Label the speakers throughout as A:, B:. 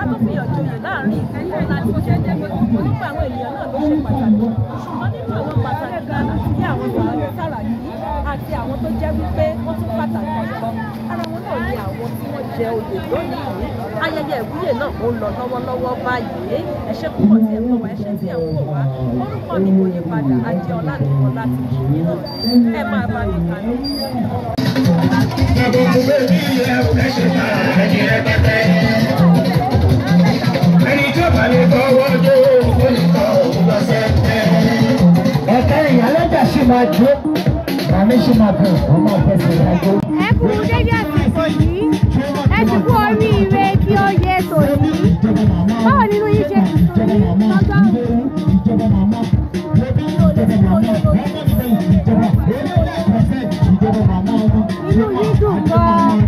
A: ká tó fi ìyànjoyè láàrin ìfẹ́lẹ́ láti jẹ́ jẹ́ pé onípa àwọn ènìyàn náà ló ṣe pàtàkì ṣùgbọ́n nínú àwọn pàtàkì kan ní àwọn sàrà yìí àti àwọn tó jẹ́ wípé wọ́n tún pàtàkì ọ̀gbọ́n ara wọn náà ni àwọn tí wọ́n jẹ oyè lónìí ayẹyẹ ìwúyè náà ń lọ lọ́wọ́lọ́wọ́ báyìí ẹ púpọ̀ tí ẹ ń wò wá ẹ tí ẹ ń wò wá orúkọ mi kò yí padà ajé ọlá láti jù mí náà ẹ máa bá mi kà ní. máa jó màá méjì máa bọ̀ wọ́n máa fẹsẹ̀ dájọ́. ẹ kú dédé àsìkò yìí ẹ ti kú oríire kí ó yẹ tòní báwo nínú yín ṣe tuntun ní lọ́jọ́ inú yín dùn gan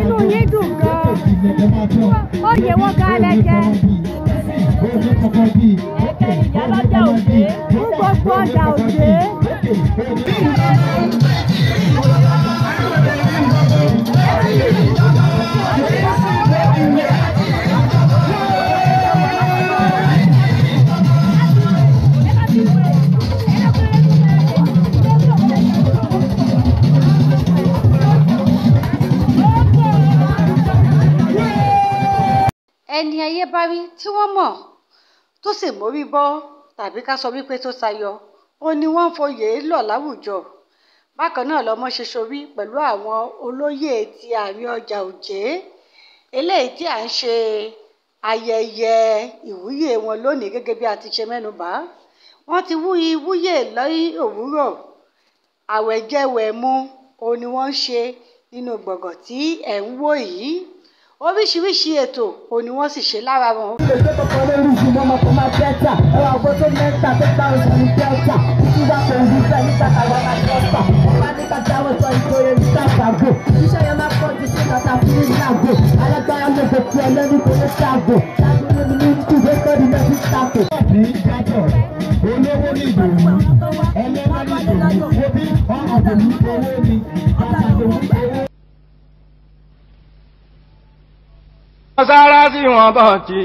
A: inú yín dùn gan ó yẹ wọ́n ká lẹ́jẹ̀. ẹni ayé
B: bá rí tí wọ́n mọ̀ tó sì mórí bọ́ tàbí ká sọ wípé tó tayọ ó ní wọ́n ń foyè lọ láwùjọ bákan náà lọmọ ṣe sorí pẹ̀lú àwọn olóyè ti àárín ọjà òjé eléyìí tí à ń ṣe ayẹyẹ ìwúyè wọn lónìí gẹ́gẹ́ bí a ti ṣe mẹ́nubà wọ́n ti wú ìwúyè lẹ́yìn òwúrọ̀ àwẹ̀jẹwẹ̀mu òun ni wọ́n ṣe nínú gbọ̀ngàn tí ẹ̀ ń wò yìí oríṣiríṣi ètò òní wọ́n sì ṣe lára wọn. ètò tó kọ lórí
A: ju mọ́mọ́ kó máa dẹ́ta ẹ̀rọ àgbo tó mẹ́ta tó bá oṣù ní dẹ́ta títí wá kò ní fẹ́ nípa àwọn máa dẹ́ta wọ́n ní ká dáwọ́ sọ ìkórè ní sàgbàgbò iṣẹ́ yẹn máa pọ̀ ju sí kàtà fún ní sàgbò alágbára ló kò tí ẹlẹ́ni kò ní sàgbò sàgbò ló ní ní kúgbé kọ́ ní lọ́sí sàgbò. ní ìdájọ́ olówó ní ìdòwú ẹlẹ́wọ̀n ní ìdòwú sára tí wọ́n bọ̀ ti